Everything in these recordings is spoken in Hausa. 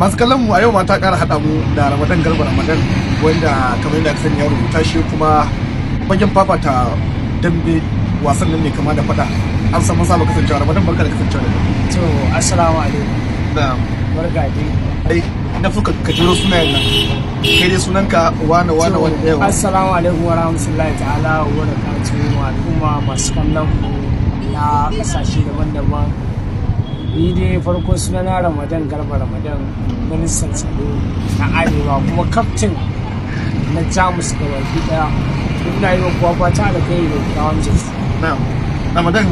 masu kallon mu a yau ma ta ƙara haɗa mu da ramadan garba ramadan wanda kamar yadda aka sani ya rubuta shi kuma fagen ta dambe wasan nan ne kama da faɗa an san masa ba kasancewa ramadan barka da kasancewa da to assalamu alaikum na'am barka dai na fuka ka jiro sunayen nan kai dai ka wani wane wani yau eh, assalamu alaikum wa rahmatullahi ta'ala wa barakatuhu wa al'umma masu kallon mu na kasashe daban-daban ni dai farko na ramadan garba ramadan ministan tsaro na arewa kuma kaftin na jamus ga baki daya ina yi wa kwakwa ta da kai da kawan jins ramadan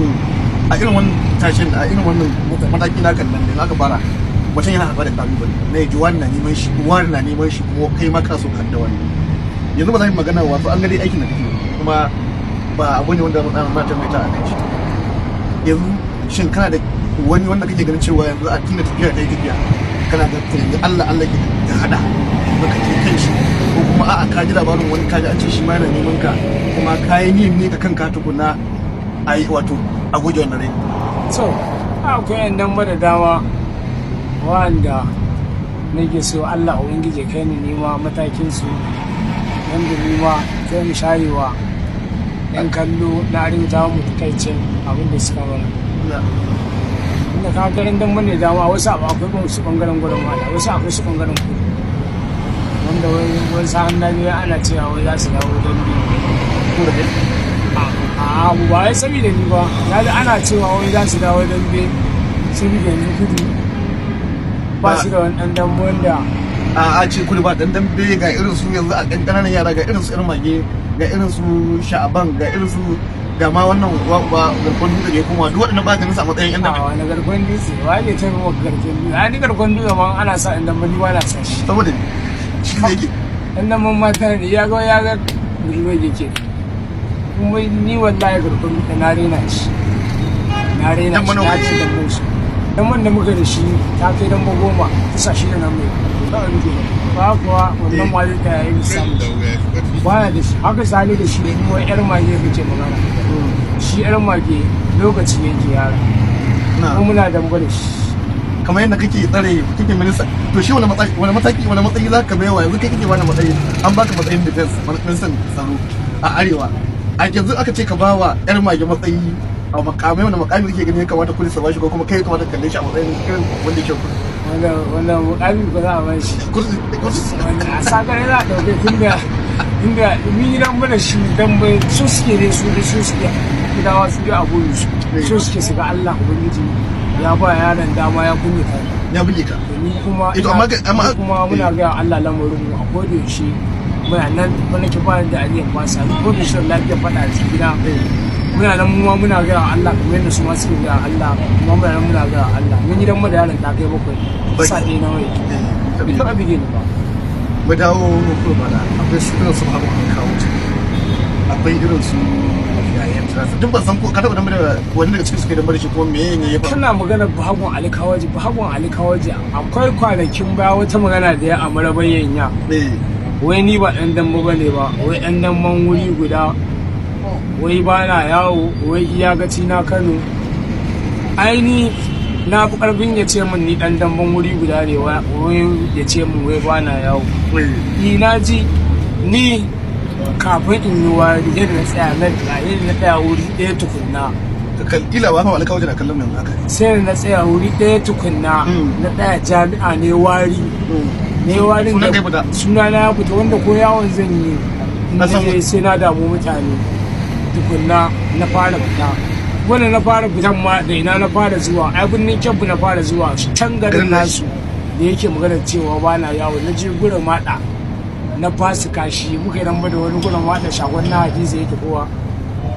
a irin wannan tashin a irin wannan mataki na kan nan da zaka fara mutum yana haɗuwa da kalubale na ji wani na neman shi wani na neman shi kuma kai maka so kan da wani yanzu ba za mu magana wasu an gari aikin da kake kuma ba abu ne wanda mutane mata mai ta a kai shi yanzu shin kana da wani wanda kake ganin cewa yanzu a tunda tafiya ta yi tafiya kana da tunanin Allah Allah ke da hada baka ke kan shi ko kuma a'a ka ji labarin wani kaji a ce shi ma yana neman ka kuma ka yi niyyar ne ka kanka tukuna a yi wato a guje wannan rai. So akwai yan dan da dama wanda nake so Allah gije kai ni nima matakin su wanda nima zai mu sharewa yan kallo na arewa mu takaicin abin da suka mana. haka ka garin mun ne dama wasu abu akwai su bangaren gurin mata wasu akwai su bangaren kudu wanda wani sahan na biyu ana cewa wai za su dawo don kudu a abu ba wai saboda ni ba ya da ana cewa wai za su dawo don bi saboda ni kudu ba su da wani dan wanda a a ce kudu ba dan dambe ga irin su yanzu a ƙanƙananan yara ga irin su irin mage ga irin su sha'aban ga irin su ga ma wannan uwa uba garkon dutse da ya koma duk waɗannan ba ta nisa a matsayin yan dambe. Ah, wani garkon dutse wa ne ce ma garkon dutse a ni garkon dutse ma ana sa yan dambe ni ba na sa shi. saboda ne shi ne yake. yan dambe mata ne ya ga ya ga girma yake kuma ni wallahi garkon dutse na rena shi na rena shi na ci dambe shi. dan wanda muka da shi ta kai dan goma kusa shi na mai ba a rike ba kuwa wannan wayo ta yayi misali baya da shi haka sani da shi ne wai yar mage ce magana shi yar mage lokaci yake yara kuma muna da da shi kamar yadda kake tsare kake minista to shi wani mataki wani matsayi za ka baiwa yanzu kai kake wani matsayi an baka matsayin defense ministan tsaro a arewa a yanzu aka ce ka bawa yar mage matsayi a makamai wanda makami kake gani ya kamata kudi sa bashi ko kuma kai ya kamata kalle shi a matsayin irin wanda yake kudi wanda wanda mukami ba za a ba shi kursi kursi a sakare za a dauke tunda inda ni gidan mana shi dan bai su suke ne su da su suke gidawa su da abubu su su suke su ga Allah ubangiji ya ba yaron dama ya kunye ta ya buge ka ni kuma eh, ina kuma muna eh. ga Allah lamarin mu a kodayaushe muna nan wani kibarin da ake kwasa ko da shi lafiya fada a cikin gida muna nan muma muna ga Allah kuma yadda su ma suke ga Allah kuma muna nan muna ga Allah mun gidan mu da ta kai bakwai sa ɗaya na wai ita abi bige ba mu dawo mu ko bana akwai su su kawo akwai irin su duk san ko ka taba da wani daga cikin su kai da marishi ko me ne ya kana magana bahagon alkawaji bahagon alkawaji akwai kwanakin baya wata magana da ya amara bayyana eh. wai ni ba dan dambe ba wai dan wuri guda wai ba na yawo wai iyakaci na kano aini na fi karfin ya ce min ni dan damban wuri guda ne wai ya ce min wai ba na yawo ina ji ni kafin in yi wari yadda na tsaya nan ga yadda na tsaya wuri ɗaya tukunna kila ba fa kawai wajen kallon nan haka sai na tsaya wuri ɗaya tukunna hmm. na tsaya jami'a ne wari ne wari suna na ya fita wanda ko yawon zan yi sai na damu mutane tukunna na fara fita wanda na fara fitan ma da ina na fara zuwa ai birnin kebbi na fara zuwa can garin nasu da yake magana cewa ba na yawo na je gurin maɗa na fasu kashi muka yi da wani gurin maɗa shagon na hadiza yake kowa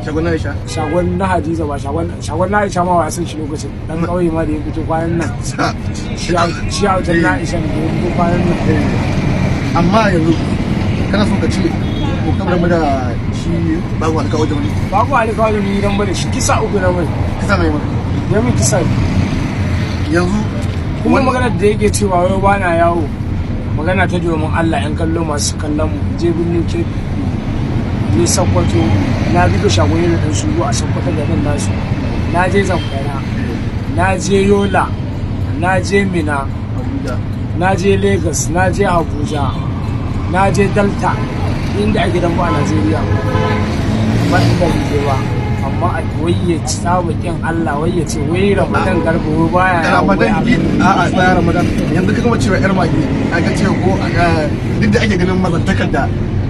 shagon na aisha shagon na hadiza ba shagon na aisha ma wasan shi lokacin dan kawai ma da ya fito kwanan nan shi a wutar na aisha da ya fito kwanan nan amma yanzu kana son ka ci ko ka game da shi bago alkawo da wani bago alkawo da wani dan bane shi kisa uku na mai kisa mai mai ya min kisa yanzu kuma magana da yake cewa wai na yawo magana ta domin Allah yan kallo masu kallon mu je birnin kirki ne sakwato na bi da shagoyi da dan suru a sakkwato da nan nasu na je zamfara na je yola na je mina na je lagos na je abuja na je delta inda ake ba a najeriya ba inda je ba amma a wai ya ci tsabakin allah waye ce wai ramadan garba wai baya ramadan ki a a tsaya ramadan yanzu kuma cewa yar magi a ga cewa ko a ga duk da ake ganin mazantakar da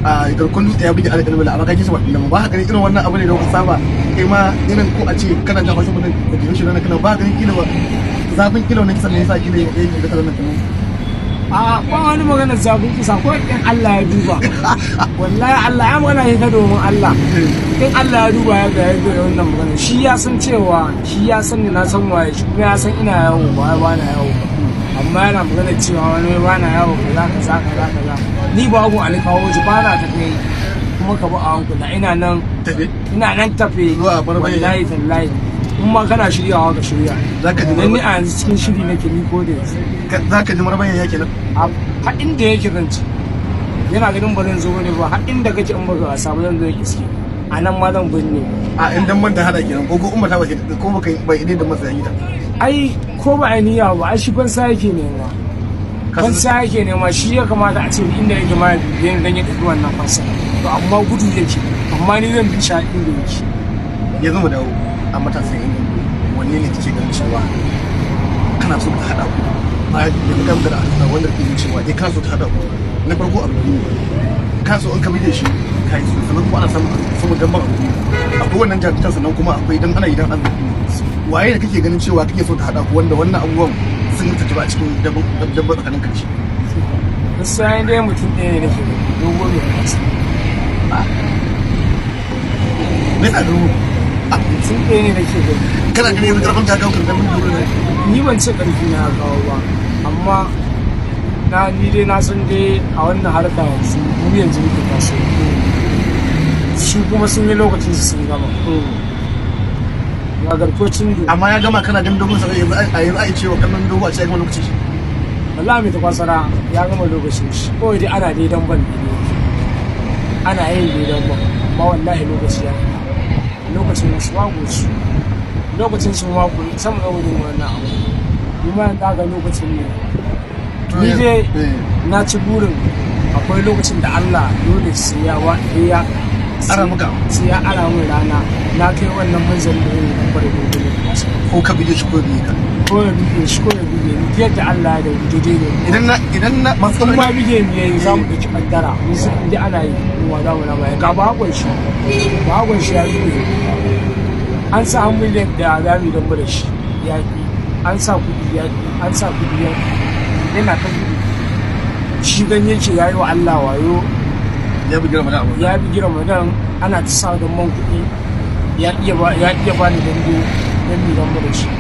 a garkon dutse ya buge da kalmar amma kake shi wannan ba haka irin wannan abu ne da ku saba kai ma irin ko a ce kana da wasu mutum da ke shi kana ba haka ne kila ba zafin kila wannan kisan ne yasa kila ya yi da kuma a ba wani magana zabin kisa ko in Allah ya duba wallahi Allah ya magana ita domin Allah in Allah ya duba ya ga yadda wannan magana shi ya san cewa shi ya san ni na san waye shi kuma ya san ina yawo ba ba na yawo amma yana magana cewa wani ba na yawo kaza kaza kaza kaza ni ba gun alkawo ji ba na tafe kuma ka ba a hankula ina nan ina nan tafe wallahi tallahi kuma kana shiryawa ka shirya zaka ji ni a yanzu cikin shiri nake ni ko da yanzu zaka ji marmayan yake nan a da yake zance yana ganin ba zan zo ne ba har inda kake in baka samu zan zo ya iske a nan ma zan binne a in dan ban hada kenan ko ko umma ta bace ko kai bai ne da masa gida ai ko ba ainiya ba ai shi ban sa yake ne ma ban sa yake ne ma shi ya kamata a ce inda yake ma yin dan ya dubi wannan fansa to amma gudu yake amma ni zan bi sha inda yake yanzu mu dawo a matasan yanki wanne ne kike ganin cewa kana so ka haɗa ku a yanzu kan gara a wanda ke yin cewa ya eh, kaso ta haɗa ku na farko abu ne kaso an kamar da shi ka yi sannan kuma ana samun samun dambar abu akwai wannan jakitan sannan kuma akwai idan ana idan abu waye da kake ganin cewa kake so ta haɗa ku wanda wannan abubuwan sun yi tattaba a cikin dabbar tsakanin karshe. Gaskiya dai mutum ɗaya ne nake da dogon mai nasa. Me yasa dogon? sun ɗaya ne da ke gani kana ganin yanzu karfin ta kawo karfin dole ne ni ban ce karfi na kawo ba amma na ni dai na san dai a wannan harka yanzu mu yanzu muke taso su kuma sun yi lokacin su sun gama gagarkocin da amma ya gama kana damdamin sa a yi ra'ayi cewa kanan dogo a cikin wani lokaci wallahi mai takwasara ya gama lokacin shi kawai dai ana dai damban ne ana yin dai damban amma wallahi lokaci ya lokacin wasu su lokacin sun wago sama ga wurin wannan abu kuma yanzu ga lokacin ne ni dai eh. na ci burin akwai lokacin da Allah dole su ya wa ya ara muka sai ya ara mun rana na kai wannan manzon da yake da kwarewa ko ka bige shi ko bi ka ko ya buge shi ko ya buge ni yadda Allah da daidai ne idan na idan na matsalolin yayi za mu dauki kaddara mu san inda ana yi mu wa za mu na baya ga ba hakon shi ba hakon shi ya buge an sa an miliyan da za mu dan da shi ya an sa kudi ya an sa kudi ya yana ta kudi shi ganye ce yayi wa Allah wayo ya bi girma ya bi girma da ana ta sa da man kudi ya iya ba ya iya ba ni dango da shi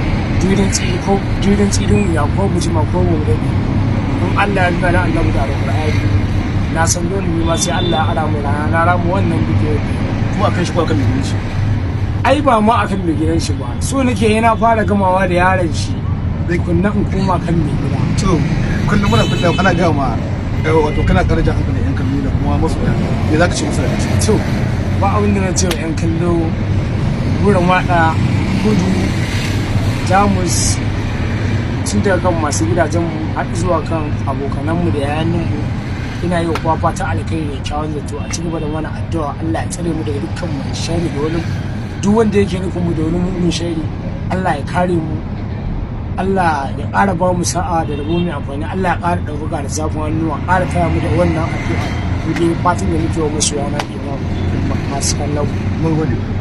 jurin tsiri ko jurin tsirin wuya ko bujima ko gobe in Allah ya riga da annabi da alƙur'ani na san dole ne ma sai Allah ya ara mu rana na ramu wannan duke kuma kan shi ko akan mai shi ai ba ma kan mai gidan shi ba so nake yana fara gamawa da yaron shi zai kunna in kuma kan mai gida to kullum muna kullum ana ga ma eh, wato kana karaja hankali yan kallo da kuma masoya me zaka ce masu da to ba abin da na ce yan kallo burin wada kudu. jamus tun daga kan masu gidajenmu har zuwa kan abokananmu da yayanmu ina yi wa kowa fatan alkhairi da kyawun zato a cikin da mana addu'a Allah ya tsare mu daga dukkan mu shari da wani duk wanda yake nufin mu da wani mugun shari Allah ya kare mu Allah ya ƙara ba mu sa'a da rabo mai amfani Allah ya ƙara ɗaukaka da zafin hannuwa ƙara taya mu da wannan addu'a mu fatan da muke wa masoya na imam masu kallon mun gode